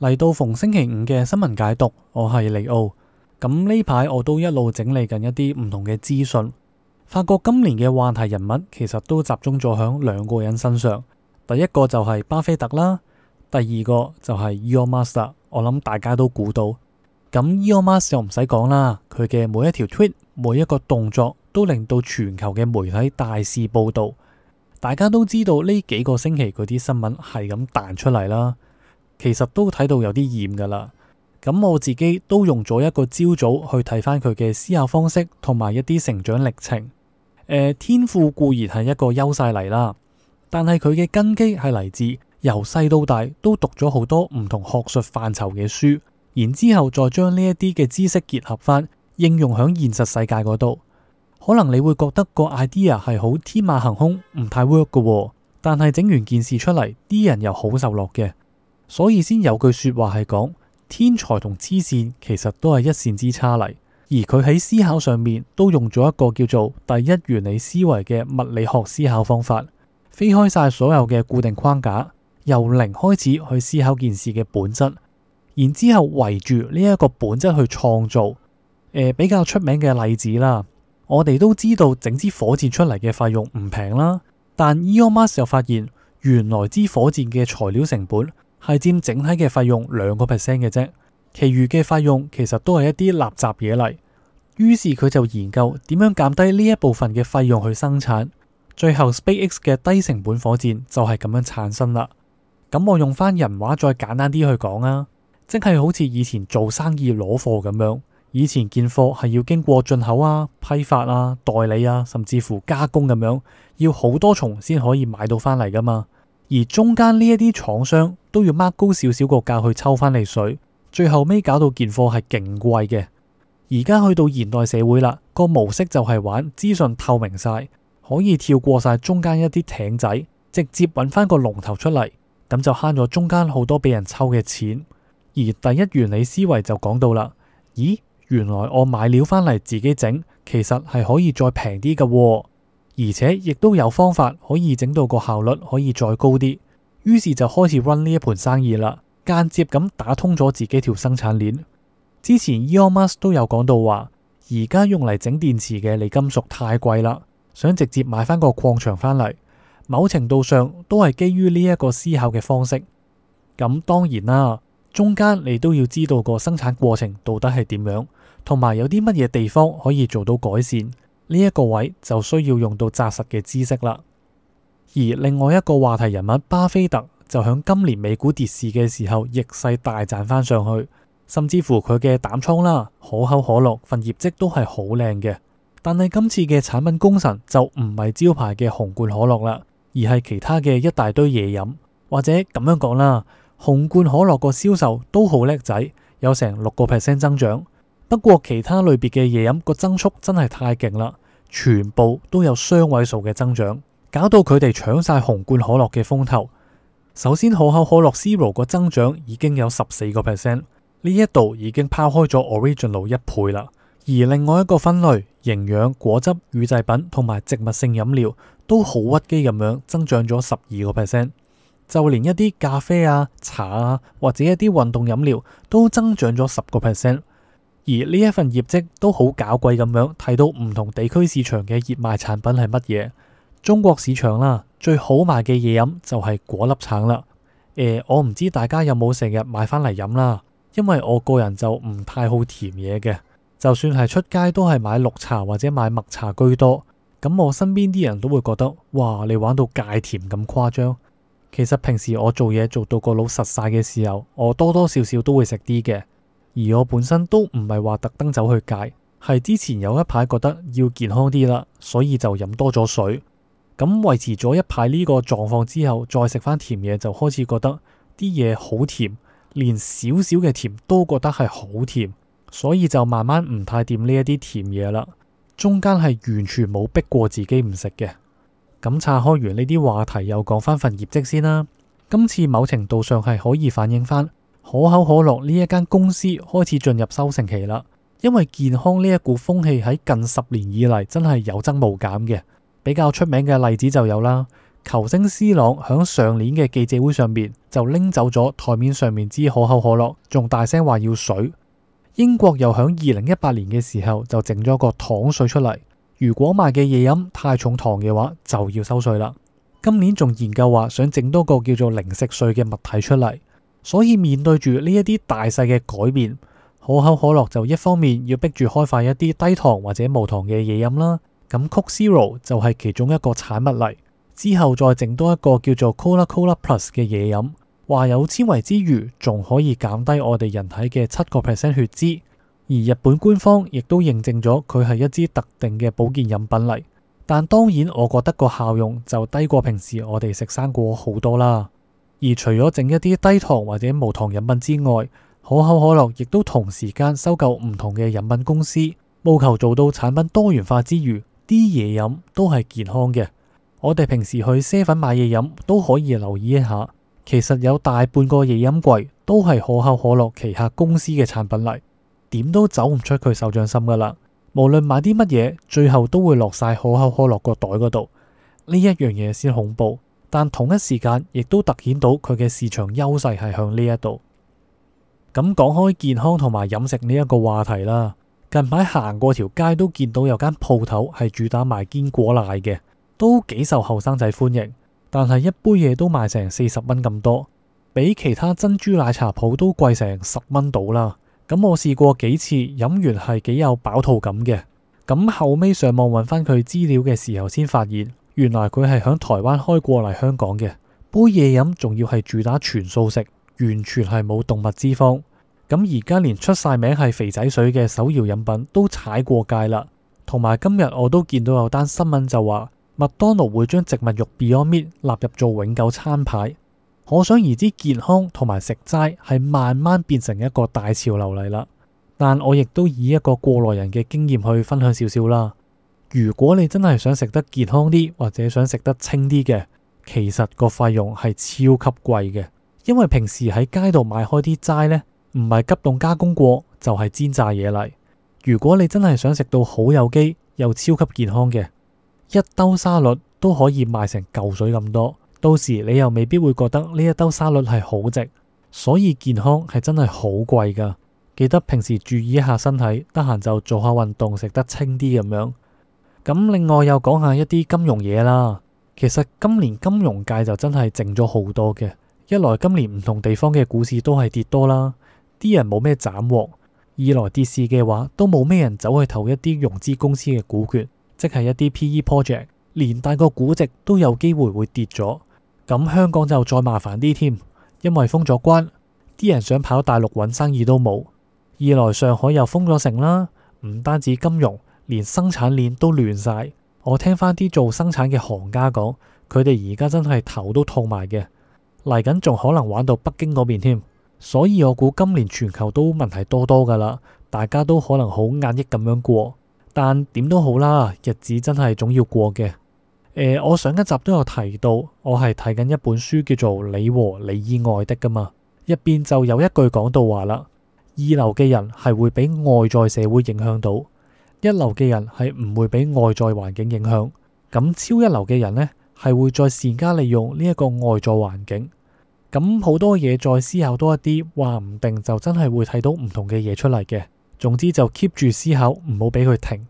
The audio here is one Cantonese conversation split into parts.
嚟到逢星期五嘅新聞解讀，我係利奧。咁呢排我都一路整理緊一啲唔同嘅資訊，發覺今年嘅話題人物其實都集中咗喺兩個人身上。第一個就係巴菲特啦，第二個就係 Elon Musk。我諗大家都估到，咁 Elon Musk 又唔使講啦，佢嘅每一條 tweet、每一個動作都令到全球嘅媒體大肆報道。大家都知道呢幾個星期嗰啲新聞係咁彈出嚟啦。其實都睇到有啲厭噶啦，咁我自己都用咗一個朝早去睇翻佢嘅思考方式，同埋一啲成長歷程。呃，天賦固然係一個優勢嚟啦，但係佢嘅根基係嚟自由細到大都讀咗好多唔同學術範疇嘅書，然之後再將呢一啲嘅知識結合翻應用喺現實世界嗰度。可能你會覺得個 idea 係好天馬行空，唔太 work 噶喎，但係整完件事出嚟，啲人又好受落嘅。所以先有句說話係講，天才同痴線其實都係一線之差嚟。而佢喺思考上面都用咗一個叫做第一原理思維嘅物理學思考方法，飛開晒所有嘅固定框架，由零開始去思考件事嘅本質，然之後圍住呢一個本質去創造。誒、呃，比較出名嘅例子啦，我哋都知道整支火箭出嚟嘅費用唔平啦，但 Elon Musk 又發現原來支火箭嘅材料成本。係佔整體嘅費用兩個 percent 嘅啫，其餘嘅費用其實都係一啲垃圾嘢嚟。於是佢就研究點樣減低呢一部分嘅費用去生產，最後 SpaceX 嘅低成本火箭就係咁樣產生啦。咁、嗯、我用翻人話再簡單啲去講啊，即係好似以前做生意攞貨咁樣，以前件貨係要經過進口啊、批發啊、代理啊，甚至乎加工咁樣，要好多重先可以買到翻嚟噶嘛。而中間呢一啲廠商都要 mark 高少少個價去抽翻你水，最後尾搞到件貨係勁貴嘅。而家去到現代社會啦，個模式就係玩資訊透明晒，可以跳過晒中間一啲艇仔，直接搵翻個龍頭出嚟，咁就慳咗中間好多俾人抽嘅錢。而第一原理思維就講到啦，咦，原來我買料翻嚟自己整，其實係可以再平啲嘅。而且亦都有方法可以整到個效率可以再高啲，於是就開始 run 呢一盤生意啦，間接咁打通咗自己條生產鏈。之前 Elon Musk 都有講到話，而家用嚟整電池嘅鋰金屬太貴啦，想直接買翻個礦場翻嚟，某程度上都係基於呢一個思考嘅方式。咁、嗯、當然啦，中間你都要知道個生產過程到底係點樣，同埋有啲乜嘢地方可以做到改善。呢一個位就需要用到紮實嘅知識啦。而另外一個話題人物巴菲特就響今年美股跌市嘅時候逆勢大賺翻上去，甚至乎佢嘅膽倉啦，可口可樂份業績都係好靚嘅。但係今次嘅產品功臣就唔係招牌嘅紅罐可樂啦，而係其他嘅一大堆嘢飲，或者咁樣講啦，紅罐可樂個銷售都好叻仔，有成六個 percent 增長。不過其他類別嘅嘢飲個增速真係太勁啦，全部都有雙位數嘅增長，搞到佢哋搶晒紅罐可樂嘅風頭。首先，可口可樂 Zero 個增長已經有十四個 percent，呢一度已經拋開咗 original 一倍啦。而另外一個分類營養果汁乳製品同埋植物性飲料都好屈機咁樣增長咗十二個 percent，就連一啲咖啡啊、茶啊或者一啲運動飲料都增長咗十個 percent。而呢一份業績都好搞鬼咁樣，睇到唔同地區市場嘅熱賣產品係乜嘢？中國市場啦，最好賣嘅嘢飲就係果粒橙啦。欸，我唔知大家有冇成日買返嚟飲啦，因為我個人就唔太好甜嘢嘅，就算係出街都係買綠茶或者買麥茶居多。咁我身邊啲人都會覺得，哇！你玩到戒甜咁誇張。其實平時我做嘢做到個老實晒嘅時候，我多多少少都會食啲嘅。而我本身都唔係話特登走去戒，係之前有一排覺得要健康啲啦，所以就飲多咗水。咁維持咗一排呢個狀況之後，再食返甜嘢，就開始覺得啲嘢好甜，連少少嘅甜都覺得係好甜，所以就慢慢唔太掂呢一啲甜嘢啦。中間係完全冇逼過自己唔食嘅。咁拆開完呢啲話題，又講翻份業績先啦。今次某程度上係可以反映翻。可口可樂呢一間公司開始進入收成期啦，因為健康呢一股風氣喺近十年以嚟真係有增無減嘅。比較出名嘅例子就有啦，球星斯朗響上年嘅記者會上面就拎走咗台面上面支可口可樂，仲大聲話要水。英國又響二零一八年嘅時候就整咗個糖稅出嚟，如果賣嘅嘢飲太重糖嘅話就要收稅啦。今年仲研究話想整多個叫做零食稅嘅物體出嚟。所以面對住呢一啲大細嘅改變，可口可樂就一方面要逼住開發一啲低糖或者無糖嘅嘢飲啦。咁 Coke Zero 就係其中一個產物嚟，之後再整多一個叫做 Coca Cola Plus 嘅嘢飲，話有纖維之餘，仲可以減低我哋人體嘅七個 percent 血脂。而日本官方亦都認證咗佢係一支特定嘅保健飲品嚟，但當然我覺得個效用就低過平時我哋食生果好多啦。而除咗整一啲低糖或者無糖飲品之外，可口可樂亦都同時間收購唔同嘅飲品公司，務求做到產品多元化之餘，啲嘢飲都係健康嘅。我哋平時去些粉買嘢飲都可以留意一下，其實有大半個嘢飲櫃都係可口可樂旗下公司嘅產品嚟，點都走唔出佢手掌心㗎喇。無論買啲乜嘢，最後都會落晒可口可樂個袋嗰度，呢一樣嘢先恐怖。但同一時間，亦都突顯到佢嘅市場優勢係向呢一度。咁講開健康同埋飲食呢一個話題啦，近排行過條街都見到有間鋪頭係主打賣堅果奶嘅，都幾受後生仔歡迎。但係一杯嘢都賣成四十蚊咁多，比其他珍珠奶茶鋪都貴成十蚊到啦。咁我試過幾次飲完係幾有飽肚感嘅。咁後尾上網揾翻佢資料嘅時候，先發現。原來佢係喺台灣開過嚟香港嘅，杯嘢飲仲要係主打全素食，完全係冇動物脂肪。咁而家連出晒名係肥仔水嘅手搖飲品都踩過界啦。同埋今日我都見到有單新聞就話，麥當勞會將植物肉 Beyond Meat 納入做永久餐牌。可想而知，健康同埋食齋係慢慢變成一個大潮流嚟啦。但我亦都以一個過來人嘅經驗去分享少少啦。如果你真係想食得健康啲，或者想食得清啲嘅，其實個費用係超級貴嘅。因為平時喺街度買開啲齋呢，唔係急凍加工過就係、是、煎炸嘢嚟。如果你真係想食到好有機又超級健康嘅一兜沙律都可以賣成舊水咁多，到時你又未必會覺得呢一兜沙律係好值。所以健康係真係好貴㗎，記得平時注意一下身體，得閒就做下運動，食得清啲咁樣。咁另外又講下一啲金融嘢啦，其實今年金融界就真係靜咗好多嘅。一來今年唔同地方嘅股市都係跌多啦，啲人冇咩斬獲；二來跌市嘅話，都冇咩人走去投一啲融資公司嘅股權，即係一啲 PE project，連帶個估值都有機會會跌咗。咁、嗯、香港就再麻煩啲添，因為封咗關，啲人想跑大陸搵生意都冇；二來上海又封咗城啦，唔單止金融。連生產鏈都亂晒，我聽翻啲做生產嘅行家講，佢哋而家真係頭都痛埋嘅，嚟緊仲可能玩到北京嗰邊添，所以我估今年全球都問題多多噶啦，大家都可能好壓抑咁樣過，但點都好啦，日子真係總要過嘅。呃，我上一集都有提到，我係睇緊一本書叫做《你和你意外的》噶嘛，入邊就有一句講到話啦，二流嘅人係會俾外在社會影響到。一流嘅人係唔會俾外在環境影響，咁超一流嘅人呢，係會再善加利用呢一個外在環境，咁好多嘢，再思考多一啲，話唔定就真係會睇到唔同嘅嘢出嚟嘅。總之就 keep 住思考，唔好俾佢停。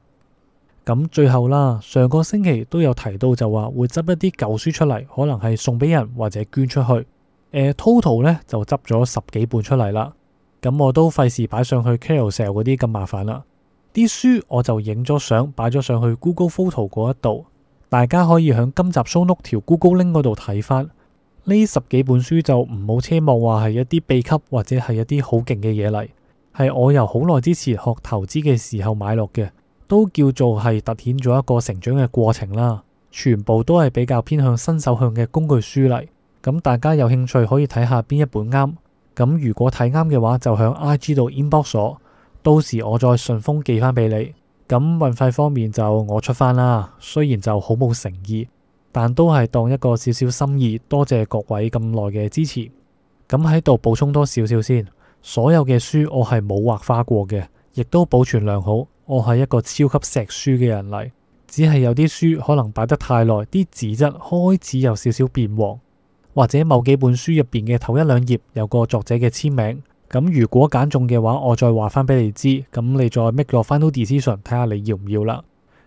咁最後啦，上個星期都有提到就話會執一啲舊書出嚟，可能係送俾人或者捐出去。誒，Total 呢，就執咗十幾本出嚟啦，咁我都費事擺上去 Carousell 嗰啲咁麻煩啦，啊。啲書我就影咗相，擺咗上去 Google Photo 嗰一度，大家可以響今集 show note 條 Google link 嗰度睇翻。呢十幾本書就唔好奢望話係一啲秘笈或者係一啲好勁嘅嘢嚟，係我由好耐之前學投資嘅時候買落嘅，都叫做係凸顯咗一個成長嘅過程啦。全部都係比較偏向新手向嘅工具書嚟，咁大家有興趣可以睇下邊一本啱。咁如果睇啱嘅話，就響 IG 度 inbox 我。到時我再順豐寄翻俾你，咁運費方面就我出返啦。雖然就好冇誠意，但都係當一個少少心意。多謝各位咁耐嘅支持。咁喺度補充多少少先，所有嘅書我係冇畫花過嘅，亦都保存良好。我係一個超級石書嘅人嚟，只係有啲書可能擺得太耐，啲紙質開始有少少變黃，或者某幾本書入邊嘅頭一兩頁有個作者嘅簽名。咁如果揀中嘅話，我再話翻俾你知，咁你再 make 落 final decision 睇下你要唔要啦。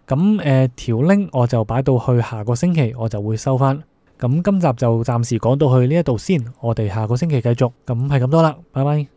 咁誒、呃、條 link 我就擺到去下個星期，我就會收翻。咁今集就暫時講到去呢一度先，我哋下個星期繼續。咁係咁多啦，拜拜。